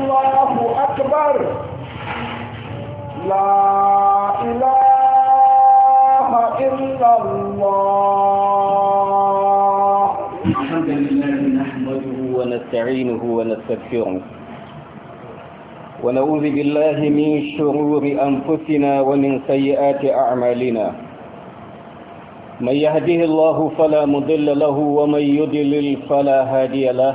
الله أكبر لا إله إلا الله الحمد لله نحمده ونستعينه ونستغفره ونعوذ بالله من شرور أنفسنا ومن سيئات أعمالنا من يهده الله فلا مضل له ومن يضلل فلا هادي له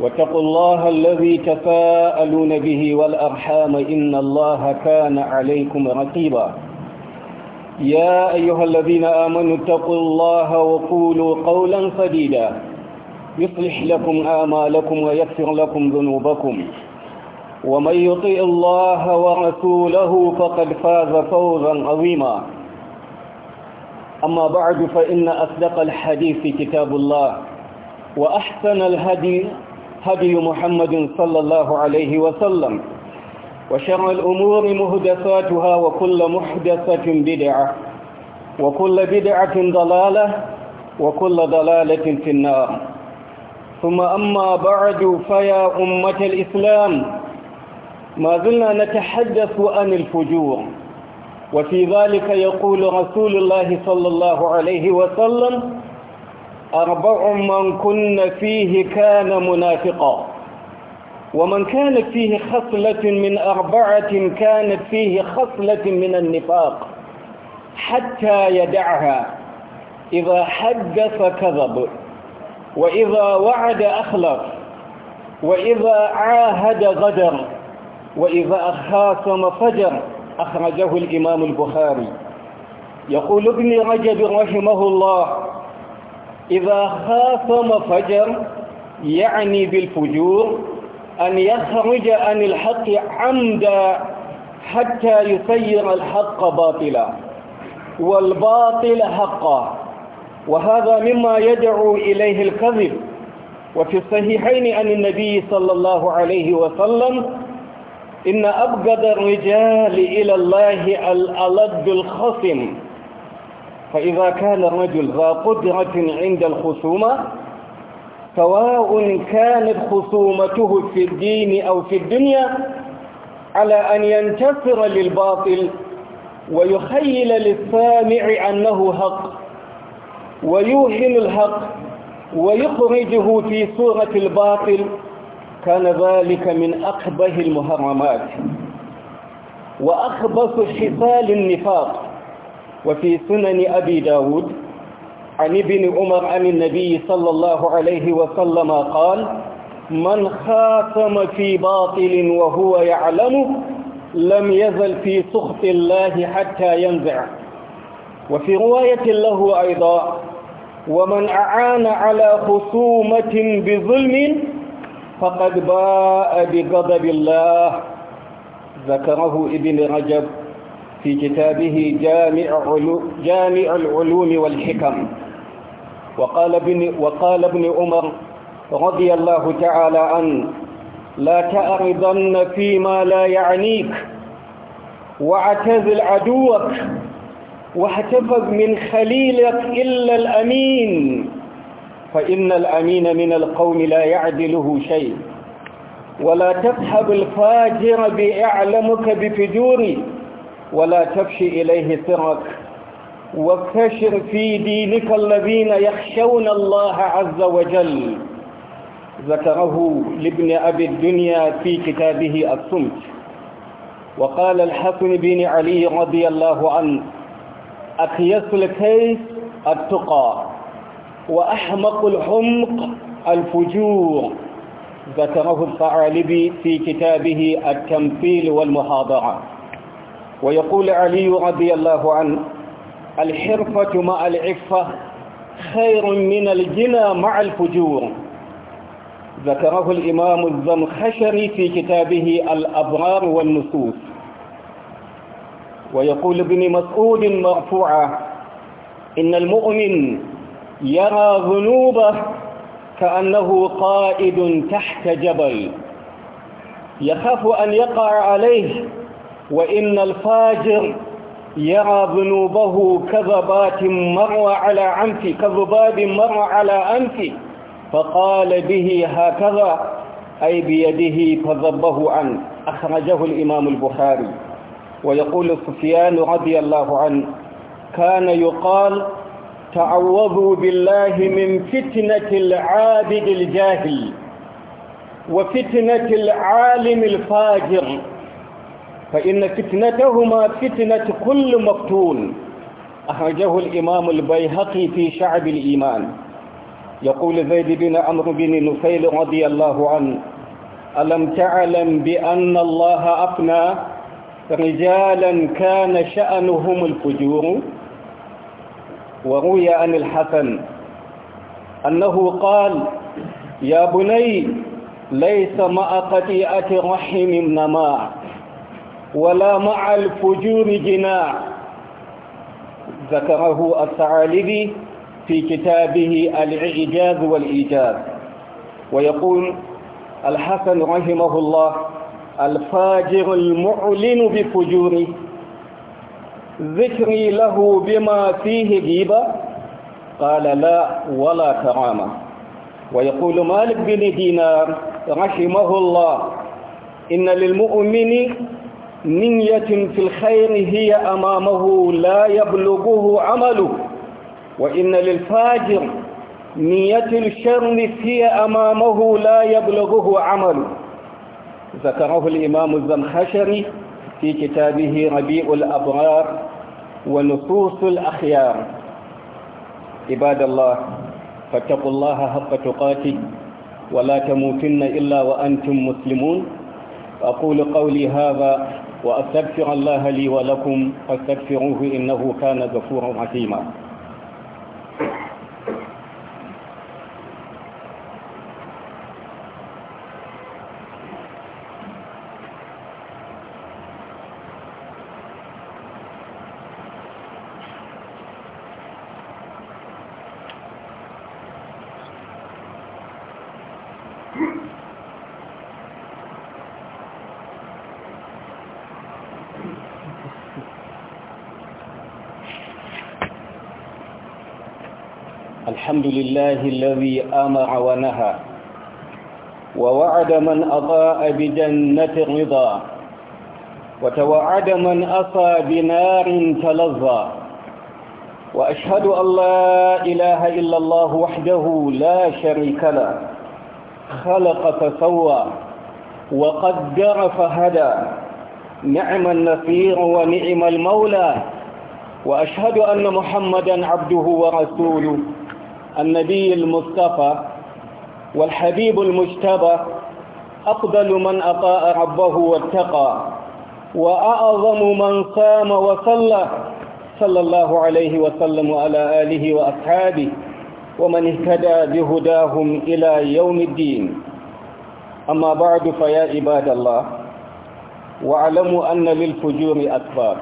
واتقوا الله الذي تساءلون به والأرحام إن الله كان عليكم رقيبا يا أيها الذين آمنوا اتقوا الله وقولوا قولا سديدا يصلح لكم آمالكم ويكفر لكم ذنوبكم ومن يطيء الله ورسوله فقد فاز فوزا عظيما أما بعد فإن أصدق الحديث كتاب الله وأحسن الهدي هدي محمد صلى الله عليه وسلم وشر الأمور مهدساتها وكل محدثة بدعة وكل بدعة ضلالة وكل ضلالة في النار ثم أما بعد فيا أمة الإسلام ما زلنا نتحدث عن الفجور وفي ذلك يقول رسول الله صلى الله عليه وسلم أربع من كن فيه كان منافقا ومن كانت فيه خصلة من أربعة كانت فيه خصلة من النفاق حتى يدعها إذا حدث كذب وإذا وعد أخلف وإذا عاهد غدر وإذا أخاصم فجر أخرجه الإمام البخاري يقول ابن رجب رحمه الله إذا خاصم فجر يعني بالفجور أن يخرج عن الحق عمدا حتى يسير الحق باطلا والباطل حقا وهذا مما يدعو إليه الكذب وفي الصحيحين عن النبي صلى الله عليه وسلم إن أبغض الرجال إلى الله الألد الخصم فإذا كان الرجل ذا قدرة عند الخصومة سواء كانت خصومته في الدين أو في الدنيا على أن ينتصر للباطل ويخيل للسامع أنه حق ويوهن الحق ويخرجه في صورة الباطل كان ذلك من أقبه المحرمات وأخبث حفال النفاق وفي سنن أبي داود عن ابن عمر عن النبي صلى الله عليه وسلم قال من خاتم في باطل وهو يعلمه لم يزل في سخط الله حتى ينزع وفي رواية له أيضا ومن أعان على خصومة بظلم فقد باء بغضب الله ذكره ابن رجب في كتابه جامع, جامع العلوم والحكم وقال ابن, وقال ابن عمر رضي الله تعالى عنه لا تعرضن فيما لا يعنيك واعتزل عدوك واحتفظ من خليلك إلا الأمين فإن الأمين من القوم لا يعدله شيء ولا تفحب الفاجر بأعلمك بفجوري ولا تفشي إليه سرك واكتشر في دينك الذين يخشون الله عز وجل ذكره لابن أبي الدنيا في كتابه الصمت وقال الحسن بن علي رضي الله عنه أقيس الكيس التقى وأحمق الحمق الفجور ذكره الثعالبي في كتابه التمثيل والمحاضرة ويقول علي رضي الله عنه الحرفة مع العفة خير من الجنى مع الفجور ذكره الإمام الزمخشري في كتابه الأبرار والنصوص ويقول ابن مسعود مرفوعة إن المؤمن يرى ذنوبه كأنه قائد تحت جبل يخاف أن يقع عليه وإن الفاجر يرى ذنوبه كذبات مر على أنفه كذباب مر على أنفي فقال به هكذا أي بيده فذبه عنه أخرجه الإمام البخاري ويقول سفيان رضي الله عنه كان يقال تعوذوا بالله من فتنة العابد الجاهل وفتنة العالم الفاجر فإن فتنتهما فتنة كل مفتون أخرجه الإمام البيهقي في شعب الإيمان يقول زيد بن عمرو بن نفيل رضي الله عنه ألم تعلم بأن الله أفنى رجالا كان شأنهم الفجور وروي عن الحسن أنه قال يا بني ليس مع قطيئة رحم نماء ولا مع الفجور جناح ذكره الثعالبي في كتابه الإعجاز والإيجاز ويقول الحسن رحمه الله الفاجر المعلن بفجوره ذكري له بما فيه غيبة قال لا ولا كرامة ويقول مالك بن دينار رحمه الله إن للمؤمن نية في الخير هي أمامه لا يبلغه عمله وإن للفاجر نية الشر هي أمامه لا يبلغه عمله ذكره الإمام الزمخشري في كتابه ربيع الأبرار ونصوص الأخيار عباد الله فاتقوا الله حق تقاته ولا تموتن إلا وأنتم مسلمون أقول قولي هذا وأستغفر الله لي ولكم فاستغفروه إنه كان غفورا رحيما الحمد لله الذي أمر ونهى ووعد من أضاء بجنة الرضا وتوعد من أصى بنار تلظى وأشهد أن لا إله إلا الله وحده لا شريك له خلق فسوى وقدر فهدى نعم النصير ونعم المولى وأشهد أن محمدا عبده ورسوله النبي المصطفى والحبيب المجتبى أقبل من أطاع ربه واتقى وأعظم من صام وصلى صلى الله عليه وسلم وعلى آله وأصحابه ومن اهتدى بهداهم إلى يوم الدين أما بعد فيا عباد الله واعلموا أن للفجور أسباب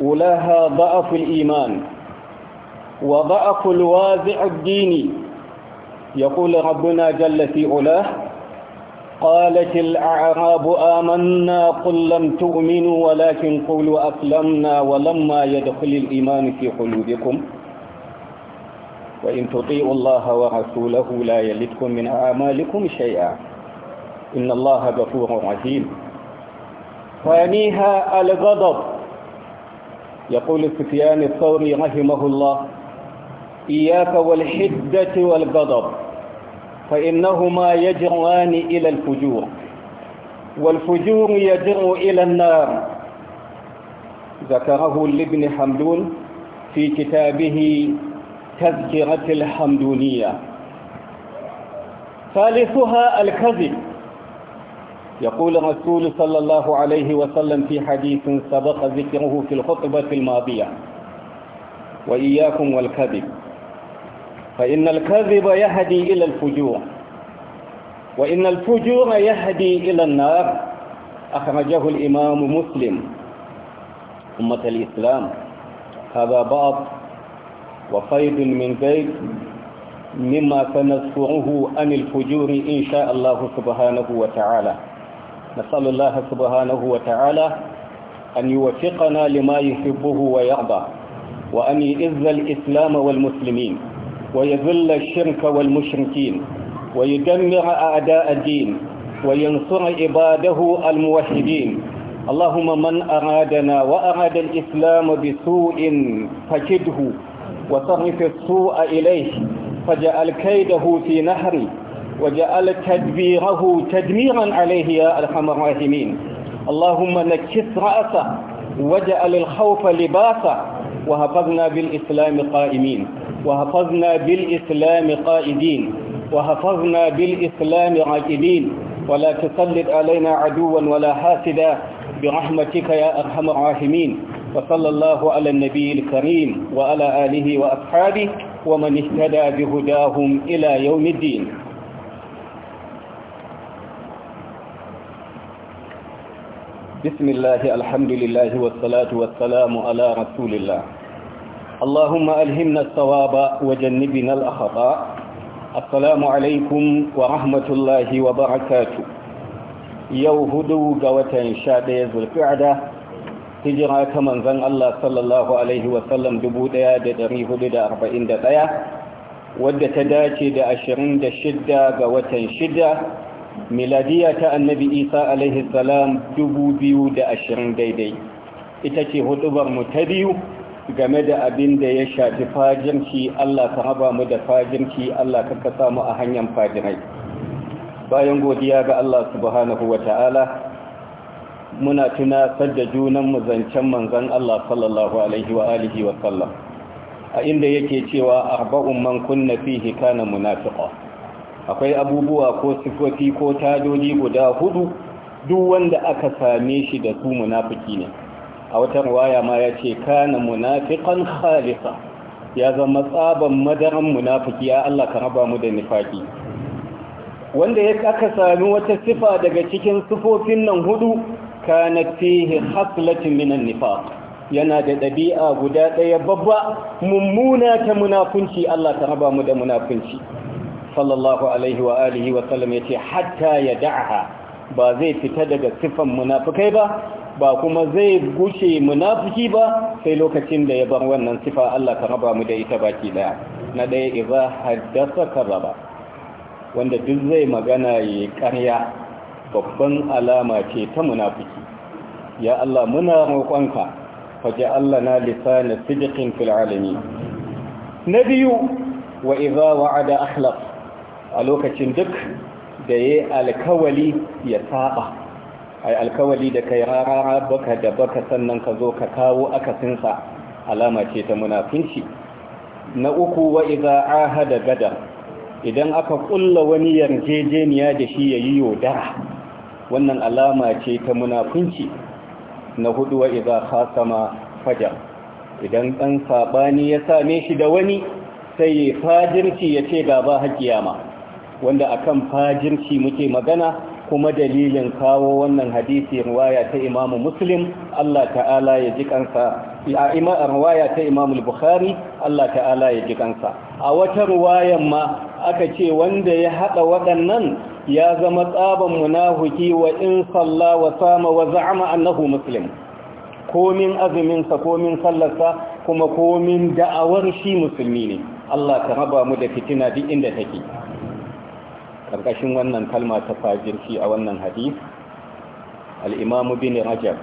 ولها ضعف الإيمان وضعف الوازع الديني يقول ربنا جل في علاه قالت الأعراب آمنا قل لم تؤمنوا ولكن قولوا أسلمنا ولما يدخل الإيمان في قلوبكم وإن تطيعوا الله ورسوله لا يلدكم من أعمالكم شيئا إن الله غفور رحيم ثانيها الغضب يقول سفيان الثوري رحمه الله إياك والحدة والغضب فإنهما يجران إلى الفجور والفجور يجر إلى النار ذكره لابن حمدون في كتابه تذكرة الحمدونية ثالثها الكذب يقول الرسول صلى الله عليه وسلم في حديث سبق ذكره في الخطبة الماضية وإياكم والكذب فإن الكذب يهدي إلى الفجور وإن الفجور يهدي إلى النار أخرجه الإمام مسلم أمة الإسلام هذا بعض وفيض من بيت مما سنذكره عن الفجور إن شاء الله سبحانه وتعالى نسأل الله سبحانه وتعالى أن يوفقنا لما يحبه ويرضى وأن يئذ الإسلام والمسلمين ويذل الشرك والمشركين ويدمر أعداء الدين وينصر عباده الموحدين اللهم من أرادنا وأراد الإسلام بسوء فكده وصرف السوء إليه فجعل كيده في نهره وجعل تدبيره تدميرا عليه يا أرحم الراحمين اللهم نكس رأسه وجعل الخوف لباسه وهفظنا بالإسلام قائمين وحفظنا بالإسلام قائدين وحفظنا بالإسلام عائدين ولا تسلط علينا عدوا ولا حاسدا برحمتك يا أرحم الراحمين وصلى الله على النبي الكريم وعلى آله وأصحابه ومن اهتدى بهداهم إلى يوم الدين بسم الله الحمد لله والصلاة والسلام على رسول الله اللهم ألهمنا الثواب وجنبنا الأخطاء السلام عليكم ورحمة الله وبركاته yau hudu ga watan sha ɗaya zulfi'ada hijira ta manzan Allah sallallahu Alaihi wasallam ɗaya, wadda ta dace da ashirin da shidda ga watan shidda miladiya ta annabi isa alaihi salam dubu biyu da ashirin daidai ita ce hudubar mu ta biyu game da abin da ya shafi fajinci Allah ka haba mu da fajinci Allah ka ka samu a hanyar fajirai bayan godiya ga Allah subhanahu wa ta'ala muna tuna, sadda junan mu zancen manzan Allah sallallahu alaihi wa alihi wa sallam a inda yake cewa arba'un man kunna fihi kana munafiqa akwai abubuwa ko sifofi ko tadoji guda hudu duk wanda aka same shi da su munafiki ne a wata riwaya ma ya ce kana munafiqan khalisa ya zama tsaban madaran munafiki ya Allah ka raba mu da nifaki wanda ya aka sami wata sifa daga cikin sifofin nan hudu kana fihi haslatun minan nifaq yana da ɗabi'a guda ɗaya babba mummuna ta munafunci Allah ka raba mu da munafunci sallallahu alaihi wa alihi wa sallam yace hatta ya da'aha ba zai fita daga sifan munafikai ba ba kuma zai gushe munafiki ba sai lokacin da ya bar wannan sifa Allah ka raba mu da ita baki daya na daya idza haddasa kadaba wanda duk zai magana ya ƙarya babban alama ce ta munafiki ya Allah muna roƙonka faj'alna lisana sidqin fil alamin nabiyu wa idza wa'ada akhlaq a lokacin duk da yayi alkawali ya saba ai alkawali da kai rara baka da baka sannan ka zo ka kawo akasinsa alama ce ta munafinci na uku wa idza ahada gada idan aka kulla wani yarjejeniya da shi yayi yodara wannan alama ce ta munafinci na hudu wa idza khasama fajar idan dan sabani ya same shi da wani sai fajirci ya ce gaba hakiyama wanda akan fajirci muke magana kuma dalilin kawo wannan hadisi ruwaya ta Imam Muslim Allah ta'ala ya ji kansa ruwaya ta Imam Bukhari Allah ta'ala ya ji kansa a wata riwayan ma aka ce wanda ya hada waɗannan ya zama tsaban munafiki wa in salla wa sama wa za'ama annahu muslim komin azumin sa komin sallarsa kuma komin da'awar shi musulmi ne Allah ta raba mu da fitina duk inda take ƙarƙashin wannan kalma ta fajirci a wannan hadis al'imamu bin rajab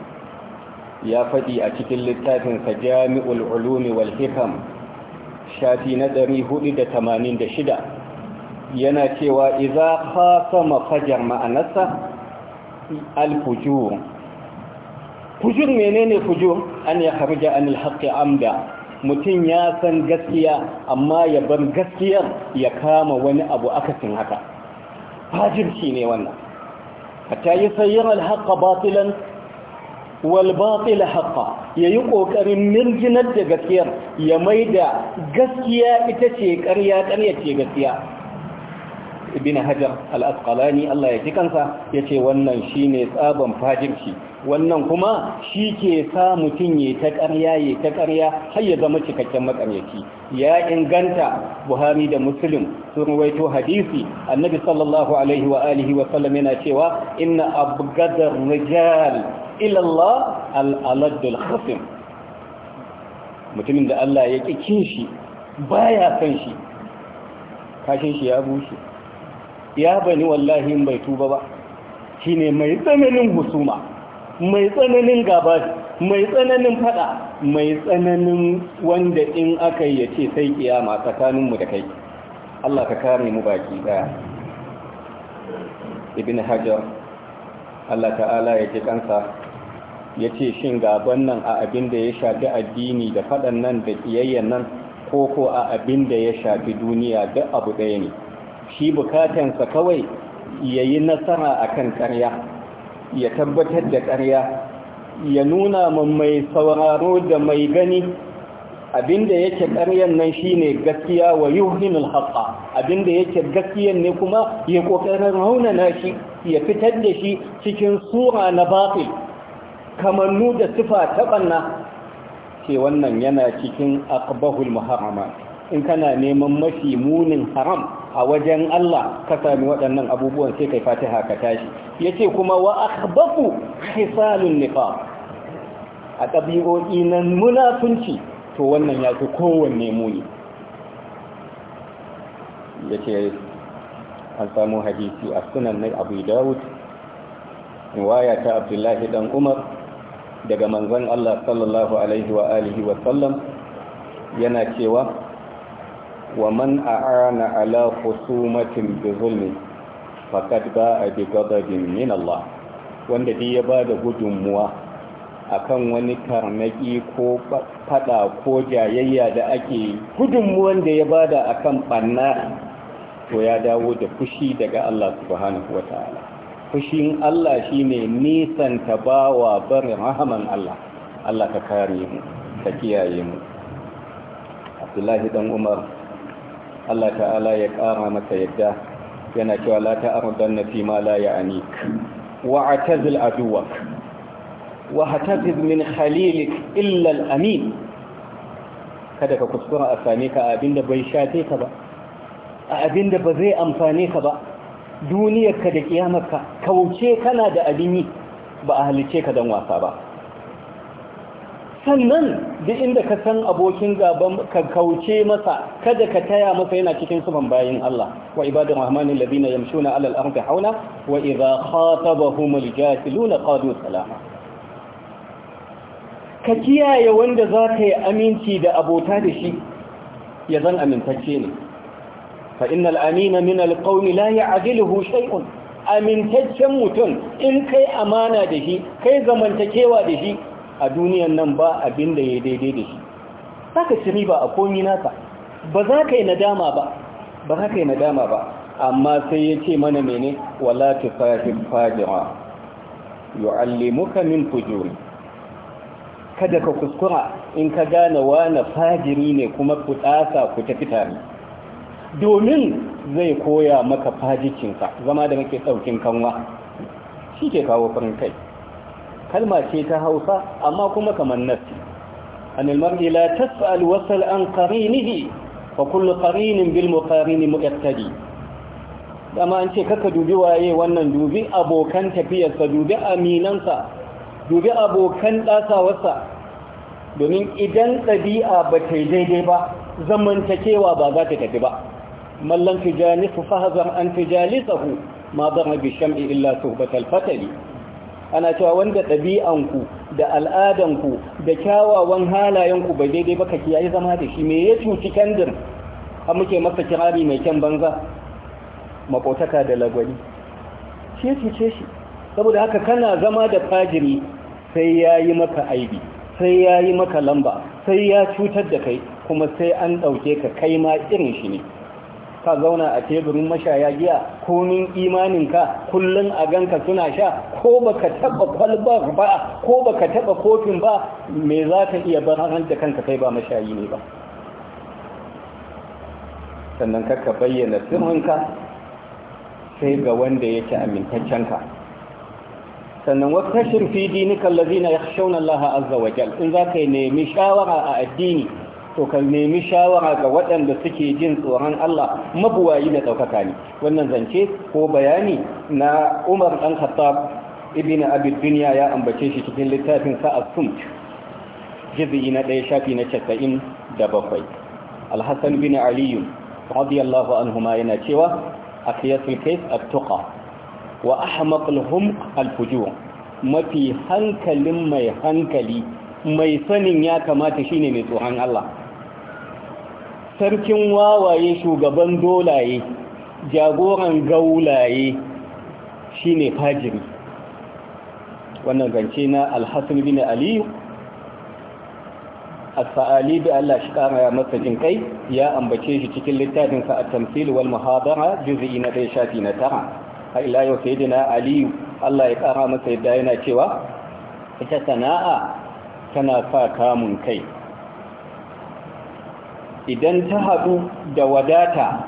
ya faɗi a cikin littafinsa jami'ul ulumi wal hikam shafi na 486 yana cewa iza hafa mafajar ma'anarsa alfujur fujur menene fujur an ya harja anil haƙƙi amda mutum ya san gaskiya amma ya bar gaskiyar ya kama wani abu akasin haka fajirci ne wannan hatta yi sayyarar haƙa batilan walbatila haƙa ya yi ƙoƙarin mirginar da gaskiyar ya mai da gaskiya ita ce ƙarya ƙarya ce gaskiya ibn hajar al-asqalani Allah ya ji kansa yace wannan shine tsaban fajirci wannan kuma shi ke sa mutum ya ta ƙarya ya ta ƙarya har ya zama cikakken makaryaci ya inganta buhari da muslim sun rawaito hadisi annabi sallallahu alaihi wa alihi wa sallam yana cewa inna abgadar rijal ila Allah al-alad al-khasim mutumin da Allah ya ƙi kin shi baya san shi kashin shi ya bushe ya bani wallahi bai tuba ba Shi ne mai tsananin husuma mai tsananin gaba mai tsananin fada mai tsananin wanda in aka yi ce sai kiyama tsakaninmu da kai Allah ka kare mu baki daya ibn hajar Allah ta'ala ya ji kansa ya ce shin gaban nan a abin da ya shafi addini da faɗan nan da ƙiyayyen nan ko ko a abin da ya shafi duniya duk abu ɗaya ne shi bukatansa kawai ya yi nasara a kan ƙarya ya tabbatar da ƙarya ya nuna min mai sauraro da mai gani abinda yake ƙaryan nan shine gaskiya wa yuhinul haqqa abinda yake gaskiyan ne kuma ya ƙoƙarin raunana shi ya fitar da shi cikin sura na batil kamannu da sifa ta banna wannan yana cikin aqbahul muharrama in kana neman mafi munin haram a wajen Allah ka sami waɗannan abubuwan sai kai fatiha ka tashi yace kuma wa akhbafu hisalun nifaq a ɗabi'o'i na munafunci to wannan ya fi kowanne muni yace an samu hadisi a sunan na Abu Dawud riwaya ta Abdullahi dan Umar daga manzon Allah sallallahu alaihi wa alihi wa sallam yana cewa ومن أعان على خصومة بظلم فقد باء بغضب من الله wanda dai ya ba da akan wani karnaki ko fada ko jayayya da ake gudunmuwan da ya bada akan banna to ya dawo da fushi daga Allah subhanahu wataala fushin Allah shine nisan ta bawa barin rahaman Allah Allah ka kare mu ka kiyaye mu Abdullahi dan Umar Allah ta'ala ya ƙara masa yadda yana cewa la ta'arudan na fi ma la ya'anik wa atazil aduwak wa hataziz min khalilik illal amin kada ka kuskura a same ka abinda bai shafe ka ba a abinda ba zai amfane ka ba duniyarka da kiyamarka kauce kana da abin yi ba a halice ka don wasa ba sannan duk inda ka san abokin gaban ka kauce masa kada ka taya masa yana cikin suban bayin Allah wa ibadur rahmanil ladina yamshuna alal ardi hauna wa idha khatabahumul jahiluna qalu salama ka kiyaye wanda za ka yi aminci da abota da shi ya zan amintacce ne fa innal amina min alqawmi la ya'diluhu shay'un amintaccen mutum in kai amana da shi kai zamantakewa da shi a duniyan nan ba abin da ya daidai da shi za ka ci riba a komi naka ba za ka yi nadama ba ba za ka yi nadama ba amma sai ya ce mana mene wala tufafin fajira yu'allimuka min fujuri kada ka kuskura in ka gane na fajiri ne kuma ku tsasa ku tafi tare domin zai koya maka fajikinka zama da muke saukin kanwa shi ke kawo farin kai kalma ce ta hausa amma kuma kamar nasi an almar'i la tas'al wasal an qarinihi fa kullu qarinin bil muqarini muqtadi dama an ce kaka dubi waye wannan dubi abokan tafiyarsa dubi aminansa dubi abokan ɗasawarsa. domin idan ɗabi'a ba ta daidai ba zamantakewa ba za ta tafi ba mallan tijalisu fahazar an tijalisahu ma bi bisham'i illa suhbatal fatali ana cewa wanda ɗabi'anku da al'adanku da kyawawan halayenku bai daidai ba ki yayi zama da shi me ya cuci kandir an muke masa kirari mai kyan banza makotaka da lagwani shi ya cuce shi saboda haka kana zama da fajiri sai ya yi maka aibi sai ya yi maka lamba sai ya cutar da kai kuma sai an ɗauke ka kai ma irin shi ne ka zauna a teburin mashaya giya komin imaninka kullum a ganka suna sha ko baka taba kwalbar ba ko baka taba kofin ba me za ka iya barar da kanka kai ba mashayi ne ba sannan ka bayyana sirrinka sai ga wanda yake amintaccenka sannan wata shirfi dinika lazina ya shaunan Allah azza wa in za ka nemi shawara a addini to ka nemi shawara ga waɗanda suke jin tsoron Allah mabuwayi da ɗaukaka ne wannan zance ko bayani na Umar ɗan Khattab ibn Abi duniya ya ambace shi cikin littafin sa As-Sumt juz'i na ɗaya shafi na da bakwai alhassan bin aliyu radiyallahu anhu ma yana cewa akiyatul kays at-tuqa wa ahmaqul humq al-fujur mafi hankalin mai hankali mai sanin ya kamata shine mai tsoron Allah sarkin wawaye shugaban dolaye jagoran gaulaye shine fajiri wannan zance na alhassan bin aliyu asali da Allah shi ya masa jin kai ya ambace shi cikin littafin sa at-tamthil wal muhadara juz'i na 1 shafi na tara. A ila yau sayyidina aliyu Allah ya kara masa yadda yana cewa ita sana'a tana sa kamun kai idan ta haɗu da wadata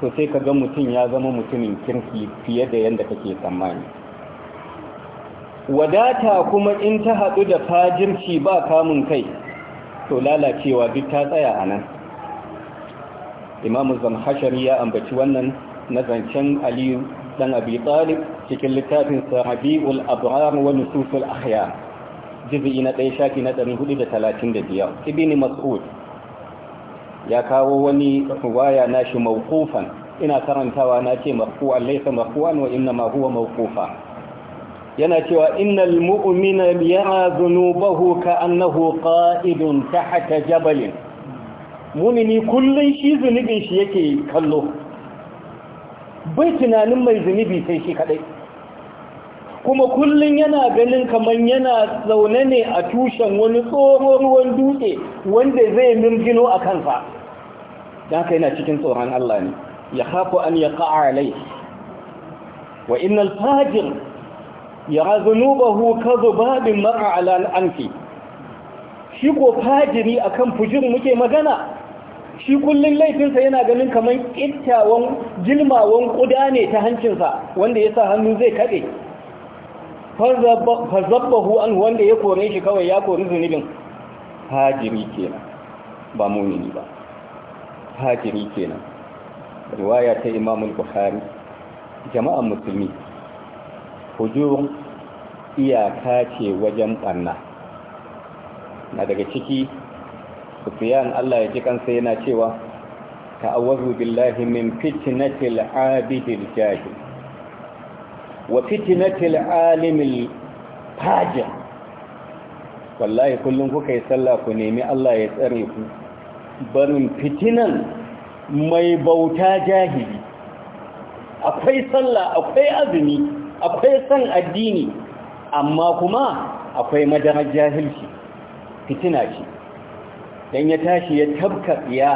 to sai ka ga mutum ya zama mutumin kirki fiye da yadda kake tsammani wadata kuma in ta haɗu da fajirci ba kamun kai to lalacewa duk ta tsaya a nan imamu zamhashari ya ambaci wannan na zancen aliyu dan abi talib cikin littafin sahabi'ul abrar wani nususul ahya jizi na ɗaya shafi na 435 ibini mas'ud ya kawo wani ruwaya shi mawkufan ina karantawa na ce marfu'an laysa marfu'an wa inna ma huwa yana cewa innal mu'mina yara annahu ƙa'idun qa'idun tahta jabalin mumini kullun shi zunubin shi yake kallo bai tunanin mai zunubi sai shi kadai kuma kullum yana ganin kamar yana zaune ne a tushen wani tsohon ruwan dutse wanda zai mirgino a kansa da haka yana cikin tsoron Allah ne ya hafu an ya alai. wa innal fajir ya ka zubabin mara ala shi ko fajiri akan fujin muke magana shi kullum laifinsa yana ganin kamar ƙittawan jilmawan ƙuda ne ta hancinsa wanda ya sa hannu zai kaɗe fazabbahu an wanda ya kore shi kawai ya kori zunubin hajiri kenan ba mumini ba fajiri kenan riwaya ta imam bukhari jama'an musulmi hujur iyaka ce wajen banna na daga ciki sufiyan Allah ya ji kansa yana cewa ta'awwazu billahi min fitnatil abidil jahil wa fitnatil alimil fajir wallahi kullum kuka yi sallah ku nemi Allah ya tsare ku barin fitinan mai bauta jahili akwai sallah akwai azumi akwai san addini amma kuma akwai madarar jahilci fitina ce dan ya tashi ya tabka tsiya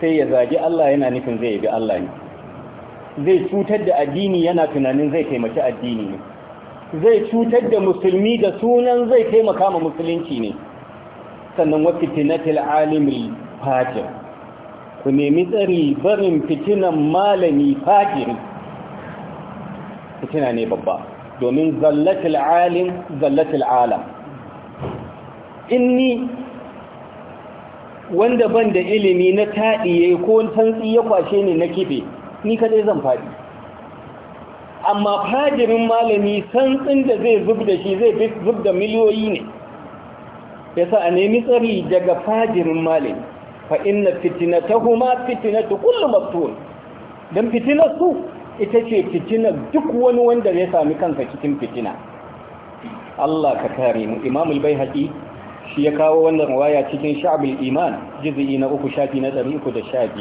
sai ya zagi Allah yana nufin zai yabi Allah ne zai cutar da addini yana tunanin zai taimaki addini ne zai cutar da musulmi da sunan zai taimaka ma musulunci ne sannan wa fitinatil alimi fajir ku nemi tsari barin fitinan malami fajiri fitina ne babba domin zallatul alim zallatul alam inni wanda ban da ilimi na taɗiye ko tantsi ya kwashe ni na kife ni kadai zan faɗi amma fajirin malami santsin da zai zub da shi zai zub da miliyoyi ne yasa a nemi tsari daga fajirin malin fa inna fitinatahuma fitinatu kullum maftun dan fitinar su ita ce fitinar duk wani wanda ya sami kansa cikin fitina Allah ka kare mu Imam al-Baihaqi shi ya kawo wannan riwaya cikin Sha'bul Iman juz'i na 3 shafi na 315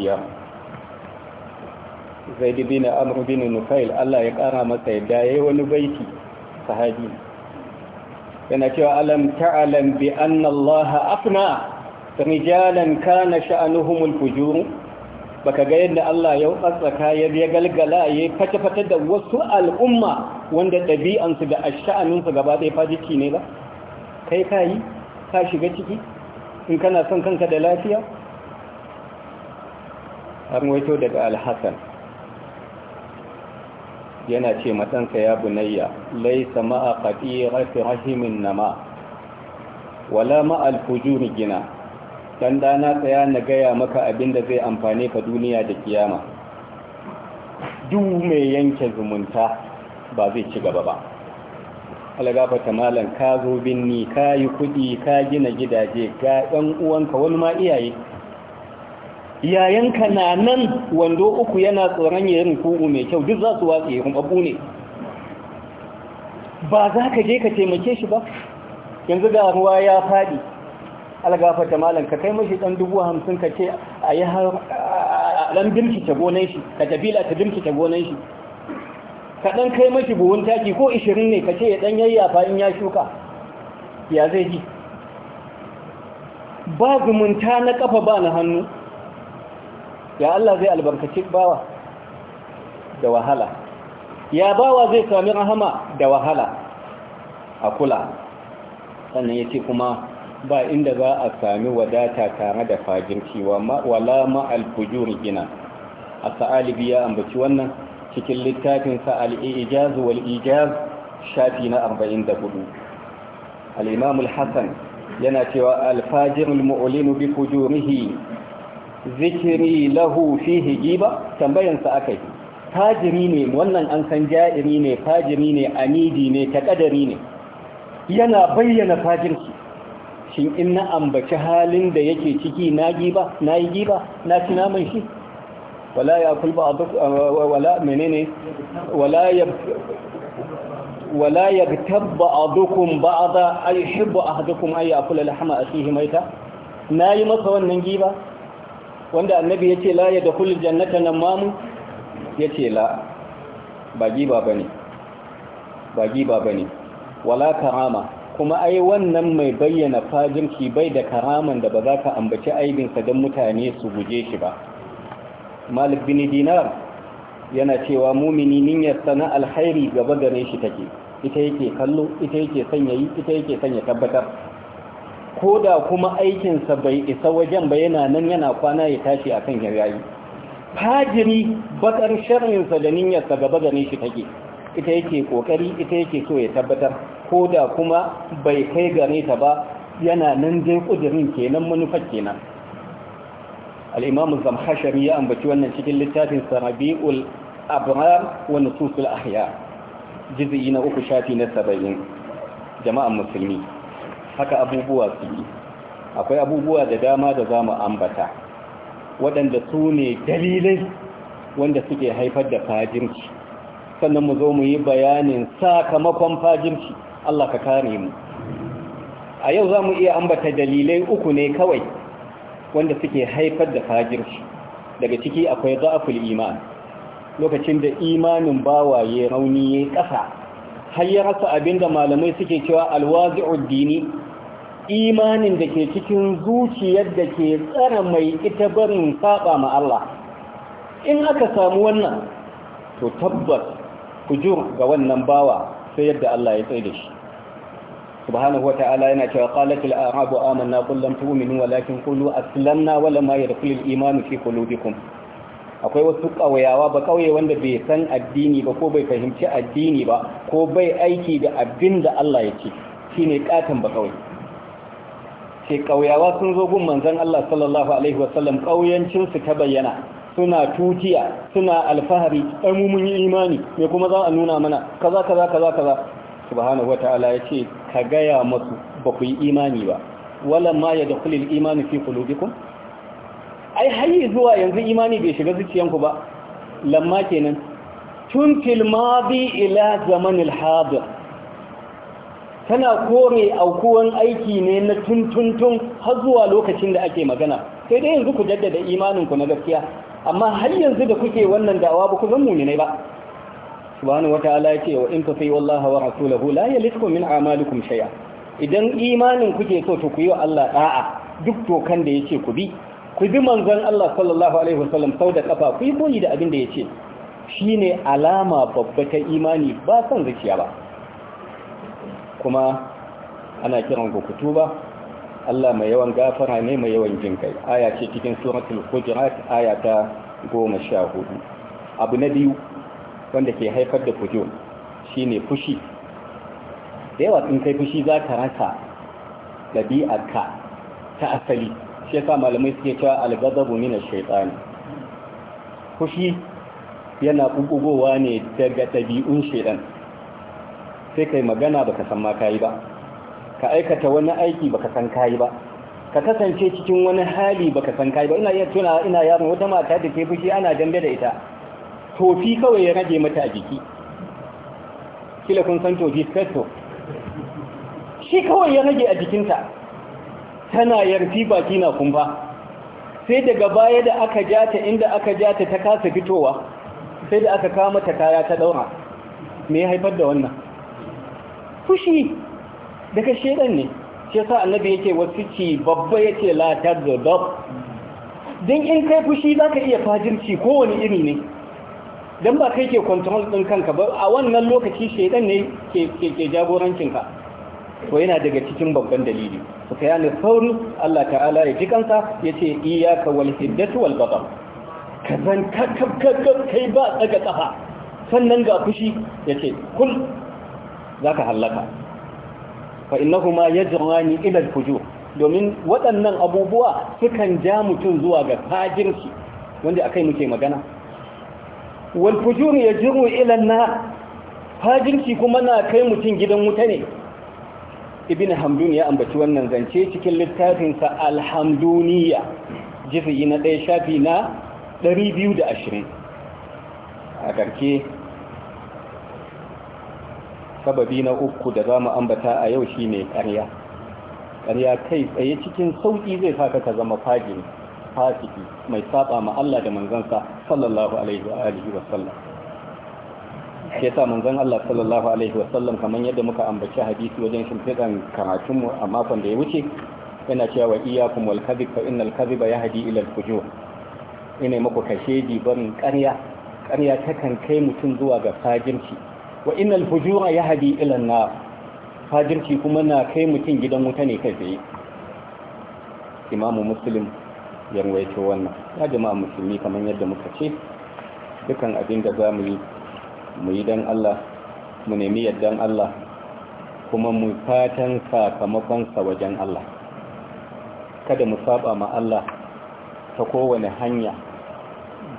Zaid bin Amr bin Nufail Allah ya kara masa yadda yayi wani baiti sahabi yana cewa alam ta'alam bi anna Allah afna rijalan kana sha'anuhum al-fujur baka ga yadda Allah ya tsatsaka ya ya galgala ya fata-fata da wasu al'umma wanda ɗabi'ansu da ash'aninsu gaba ɗaya fajiki ne ba kai kayi ka shiga ciki in kana son kanka da lafiya an waito daga alhassan yana ce matansa ya bunayya laisa ma'a qati'ati rahimin nama wala ma'al alfujuri gina dan dana tsaya na gaya maka abin da zai amfane ka duniya da kiyama duk mai yanke zumunta ba zai ci gaba ba algaba ta malan ka zo binni ka yi kudi ka gina gidaje ga ɗan uwanka wani ma iyaye yayanka na nan wando uku yana tsoron yin kugu mai kyau duk za su watsi ya abu ne ba za ka je ka taimake shi ba yanzu ga ruwa ya faɗi ta malam ka kai mashi ɗan dubu hamsin ka ce a yi ɗan ta gonan shi ka tabila ta ta gonan shi ka ɗan kai mashi buhun taki ko ishirin ne ka ce ya ɗan yayyafa in ya shuka ya zai ji ba zumunta na ƙafa ba na hannu ya Allah zai albarkaci bawa da wahala ya bawa zai sami rahama da wahala a kula sannan ya ce kuma ba inda za a sami wadata tare da fajirci wala ma'al fujuri gina a sa'alibi ya ambaci wannan cikin littafin sa'al ijaz wal ijaz shafi na 44 al-imam AlimamulHassan yana cewa al mu'ulinu bi fujurihi zikiri lahu fihi giba tambayansa akai fajiri ne wannan an san ja'iri ne fajiri ne amidi ne takadari ne yana bayyana fajirki shin in na ambaci halin da yake ciki na giba na yi giba na ci naman shi wala ya kulba wala menene wala ya tabba a a a ba yi ولا يغتب بعضكم بعضا أيحب أحدكم أن يأكل لحم أخيه Na yi masa wannan giba wanda annabi ya ce la ya da kullum jannata nan mamu ya ce la ba giba ba ne ba ba ne wala karama kuma ai wannan mai bayyana fajinki bai da karaman da ba za ka ambaci aibinsa don mutane su guje shi ba malik bin dinar yana cewa mumini niyyar sana alhairi gaba gare shi take ita yake kallo ita yake sanya yi ita yake sanya tabbatar ko da kuma aikinsa bai isa wajen ba yana nan yana kwana ya tashi akan yayi fajiri bakar sharrinsa da niyyarsa gaba gane shi take ita yake kokari ita yake so ya tabbatar ko da kuma bai kai gane ta ba yana nan dai kudirin kenan manufar kenan al-imam zamhashari ya ambaci wannan cikin littafin sarabiul abrar wa nususul ahya juz'i na uku shafi na 70 jama'an musulmi haka abubuwa suke akwai abubuwa da dama da za mu ambata waɗanda su ne dalilai wanda suke haifar da fajirci sannan mu zo mu yi bayanin sakamakon fajirci Allah ka kare mu a yau za mu iya ambata dalilai uku ne kawai wanda suke haifar da fajirci daga ciki akwai za'aful iman lokacin da imanin bawaye rauni ya ƙasa har ya rasa abinda malamai suke cewa alwazi'ud dini imanin da ke cikin zuciyar da ke tsara mai ita barin saba ma Allah in aka samu wannan to tabbas kujur ga wannan bawa sai yadda Allah ya tsaye da shi subhanahu wata'ala yana cewa qalatil a'rabu amanna qul lam tu'minu walakin qulu aslamna wa lamma yadkhulul imanu fi qulubikum akwai wasu ƙauyawa ba ƙauye wanda bai san addini ba ko bai fahimci addini ba ko bai aiki da abin da Allah ya ce shine katon ba ƙauye ce ƙauyawa sun zo gun manzon Allah sallallahu alaihi wasallam ƙauyancin su ta bayyana suna tutiya suna alfahari ai mun yi imani me kuma za a nuna mana kaza kaza kaza kaza subhanahu wataala ce, ka gaya masu ba ku yi imani ba wala ma yadkhulul imani fi qulubikum ai hayi zuwa yanzu imani bai shiga zuciyanku ba lamma kenan tun fil madi ila zamanil hadir tana kore aukuwan aiki ne na tuntuntun har zuwa lokacin da ake magana sai dai yanzu ku jaddada imaninku na gaskiya amma har yanzu da kuke wannan da'awa ba ku zan ne ba subhanahu wataala ya ce wa in tufi wallahi wa rasulahu la yalitkum min a'malikum shay'a idan imanin kuke so to ku yi wa Allah da'a duk tokan da yake ku bi ku bi manzon Allah sallallahu alaihi wasallam sau da kafa ku yi koyi da abin da yake shine alama babba ta imani ba san zuciya ba kuma ana kiran ku kutuba Allah mai yawan gafara ne mai yawan jin kai aya ce cikin suratul hujurat aya ta 14 abu na biyu wanda ke haifar da fujur shine fushi da yawa in kai fushi za ka rasa ɗabi'arka ta asali shi yasa malamai suke cewa al-ghadabu min ash fushi yana bugugowa ne daga ɗabi'un shaytan sai kai magana baka san ma yi ba ka aikata wani aiki baka san yi ba ka kasance cikin wani hali baka san yi ba ina iya tuna ina yaron wata mata da ke fushi ana dambe da ita tofi kawai ya rage mata a jiki kila kun san tofi skato shi kawai ya rage a jikinta tana yarfi baki na kumfa sai daga baya da aka jata inda aka jata ta kasa fitowa sai da aka kama ta kaya ta daura me ya haifar da wannan fushi daga shedan ne shi sa annabi yake wasu ci babba yake la tadzab dan in kai fushi zaka iya fajirci kowane iri ne dan ba kai ke control din kanka ba a wannan lokaci shedan ne ke ke jagorancin ka to yana daga cikin babban dalili ne saurin Allah ta'ala ya ji kansa yace iyyaka wal hiddatu wal batam kazan kai ba daga kafa sannan ga fushi yace kul za ka hallaka fa ya yajrani ni al-fujur domin waɗannan abubuwa sukan ja mutum zuwa ga fajirki wanda aka yi muke magana wal fujur ya jiru ilan na fajirki kuma na kai mutum gidan wuta ne ibn hamdun ya ambaci wannan zance cikin littafinsa alhamduniya jifi na ɗaya shafi na ɗari biyu da ashirin a ƙarke sababi na uku da za mu ambata a yau shine ƙarya ƙarya kai tsaye cikin sauƙi zai saka ka zama fajin fasiki mai saba ma Allah da manzansa sallallahu alaihi wa alihi wa sallam ke sa manzon Allah sallallahu alaihi wa sallam kamar yadda muka ambaci hadisi wajen shimfidan karatunmu a makon da ya wuce yana cewa iyyakum wal kadhib fa innal kadhiba yahdi ila al fujur ina muku kashe diban ƙarya ƙarya takan kai mutum zuwa ga fajirci wa innal fujura yahdi ila an-nar fajirci kuma na kai mutum gidan wuta ne kai tsaye imamu muslim 'yan rawaito wannan ya jama'a musulmi kamar yadda muka ce dukan abin da za mu yi mu yi don Allah mu nemi yardan Allah kuma mu fatan sakamakonsa wajen Allah kada mu saba ma Allah ta kowane hanya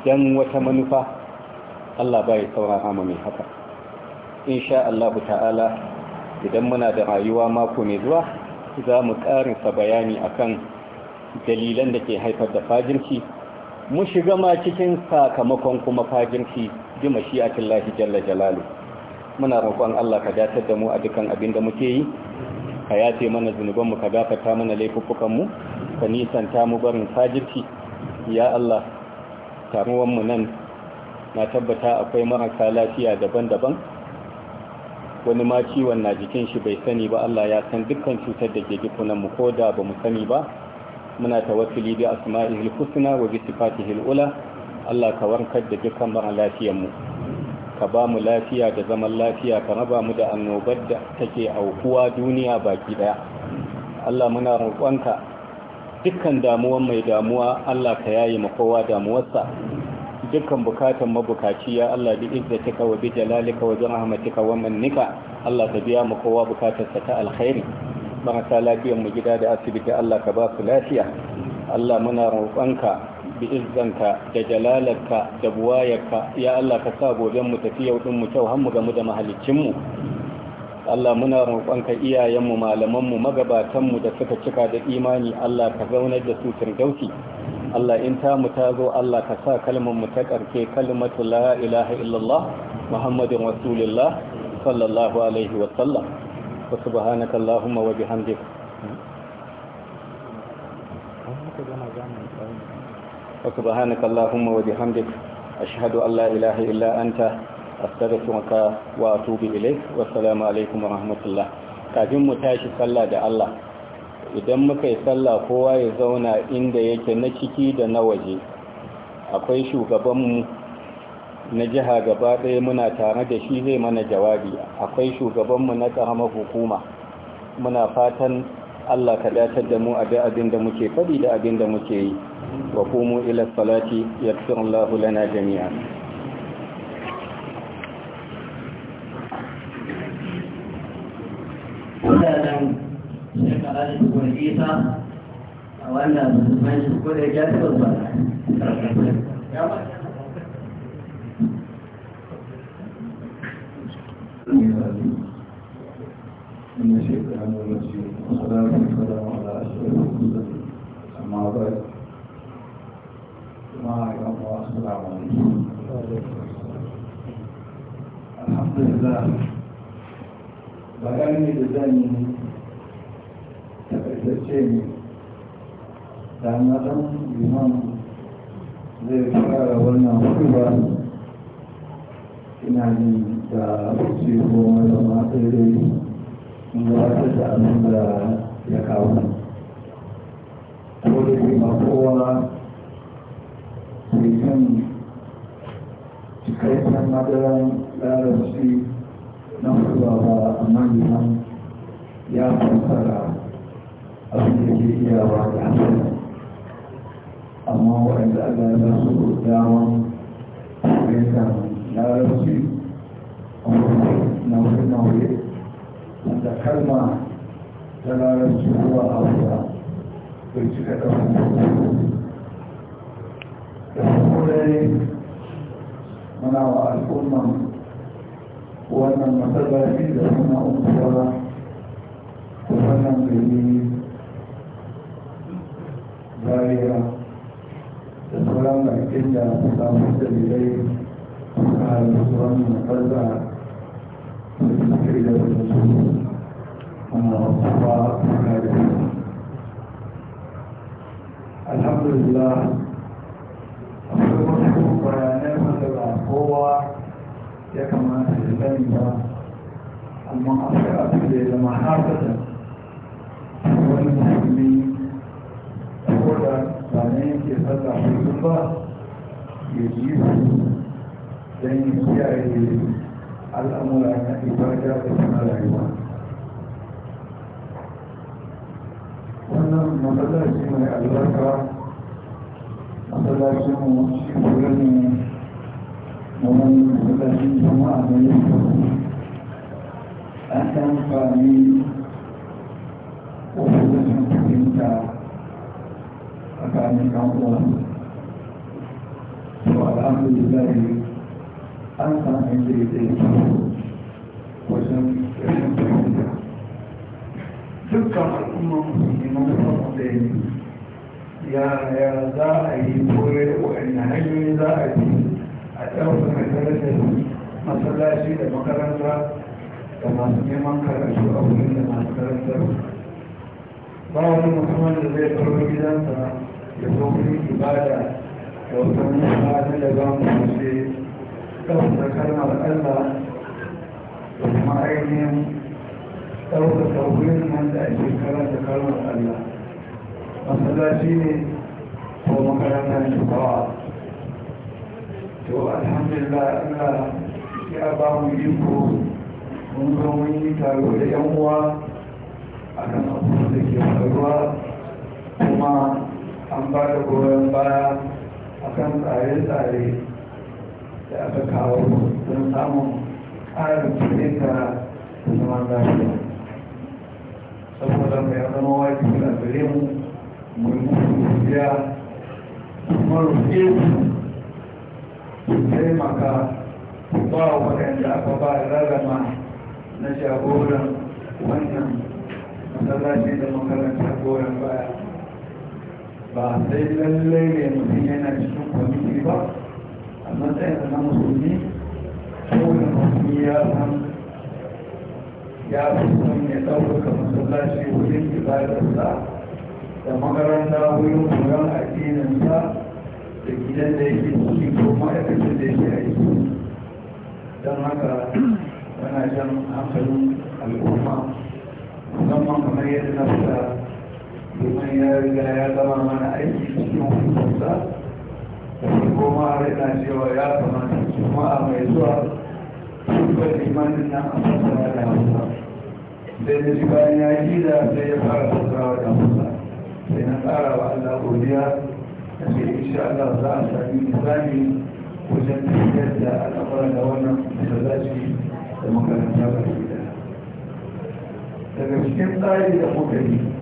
don wata manufa Allah ba saurara mu mai haka insha Allah ta'ala idan muna da rayuwa mako mai zuwa za mu ƙarinsa bayani akan dalilan da ke haifar da fajirci mu shiga ma cikin sakamakon kuma fajirci bi mashi'atin lahi jalla jalalu muna roƙon Allah ka datar da mu a dukan abin da muke yi ka yace mana mu ka gafarta mana mu ka nisanta mu barin fajirci ya Allah taruwanmu nan na tabbata akwai marasa lafiya daban-daban wani ma ciwon na jikin shi bai sani ba Allah ya san dukkan cutar da ke jikunan mu koda ba mu sani ba muna tawassuli bi asma'ihil husna wa bi sifatihil ula Allah ka warkar da dukkan mara lafiyar mu ka ba mu lafiya da zaman lafiya ka raba mu da annobar da take aukuwa duniya baki daya Allah muna roƙonka dukkan damuwan mai damuwa Allah ka yaye ma kowa damuwarsa dukkan bukatan mabukaci ya Allah bi izzatika wa bi jalalika wa bi rahmatika wa mannika Allah ka biya mu kowa bukatarsa ta alkhairi marasa lafiyar mu gida da asibiti Allah ka ba su lafiya Allah muna roƙonka bi'izzanka da jalalarka da buwayarka ya Allah ka sa goben mu tafi yau din mu kyau har mu gamu da mahalicin mu Allah muna roƙonka iyayen mu malaman mu magabatan mu da suka cika da imani Allah ka zaunar da su firdausi Allah in ta mu ta zo Allah ka sa kalmar mu ta karke kalmatu la ilaha illallah muhammadin rasulullah sallallahu alaihi wa sallam wa subhanaka allahumma wa bihamdika wa subhanaka allahumma wa bihamdika ashhadu an la ilaha illa anta astaghfiruka wa atubu ilaik wa assalamu alaikum wa rahmatullah kafin mu tashi sallah da Allah idan muka yi sallah kowa ya zauna inda yake na ciki da na waje akwai shugabanmu na jiha gaba ɗaya muna tare da shi zai mana jawabi akwai shugabanmu na tsarama hukuma muna fatan Allah ka datar da mu a da abin da muke faɗi da abin da muke yi wa kumu ila salati yaghfir allahu lana jami'a Thank you. خالد بن عيسى وأن من كل رجال والبنات من الشيطان الرجيم والصلاة والسلام على أشرف المرسلين أما بعد معك الله السلام عليكم الحمد لله بياني لداني da ce da liman zai fara wannan kuma ina yin da ce goma da mata dai gabatar da abin da ya kawo ko da ke ma kowa mai kan cikaitan madaran larabci na kuma ba amma liman ya fassara Abinda da ke iyawa da hannu amma waɗanda Allah ya su daman fahimtar larabci na wani nauyi wanda kalma ta larabci zuwa hausa bai cika ɗaukar da kuma dai muna wa al'umman wannan matsalaci da suna unguwa da wannan gari kariya da sauran bakin da samu dalilai a rasuwan matsala da suke da wasu a kuma kariya alhamdulillah akwai wasu bayanai wanda ba kowa ya kamata ya sani ba amma akwai abin da ya zama hafata wani musulmi saboda ba na yanke sallah mai sun ba ji su don yi kiyaye al'amura na ibada da suna rayuwa wannan masallaci mai albarka masallacin mu shi kuri ne na wani masallacin jama'a na yankin an amfani tsakanin ɗan'uwa to alhamdulillah an san yi daidai wajen ƙarshen fahimta dukkan al'ummar musulman musamman da yi ya za a yi kore wa'in hanyoyi za a yi a ɗaukar makarantar masallaci da makaranta da masu neman karatu a wurin da masu karantar ba wani musamman da zai karo gidansa da domin ibada da wasanni ba da za mu kushe ɗaukar kalmar allah da kuma ainihin ɗaukar tauhidin wanda ake karanta kalmar allah shi ne ko makarantar shugaba to alhamdulillah allah ya ba mu iko mun zo mun yi taro da yan uwa a kan abubuwan da ke faruwa kuma an ba da goyon baya a kan tsare-tsare da aka kawo don samun ƙarin cikinka da zaman lafiya saboda mai zama waje a gare mu mu yi kuma rufe su taimaka ba waɗanda aka ba rarrama na jagoran wannan masallaci da makarantar goyon baya ba sai lalle ne mutum yana cikin kwamiti ba a matsayin na musulmi ko da musulmi ya san ya fi son ya ɗaukaka masallaci wurin ibadarsa da makaranta wurin koyon addininsa da gidan da yake ciki ko ma'aikacin da yake aiki don haka yana jan hankalin al'umma musamman kamar yadda na fita domin ya riga ya zama mana aiki cikin hukunsa da kuma rina cewa ya kamata juma'a mai zuwa shugaban imanin nan a fasara da hausa sai da shi bayan ya yi da sai ya fara fasarawa da hausa sai na tsara wa allah godiya da ke insha allah za a sami misali wajen tafiyar da al'amura da wannan da za da makaranta ba daga cikin tsari da muka yi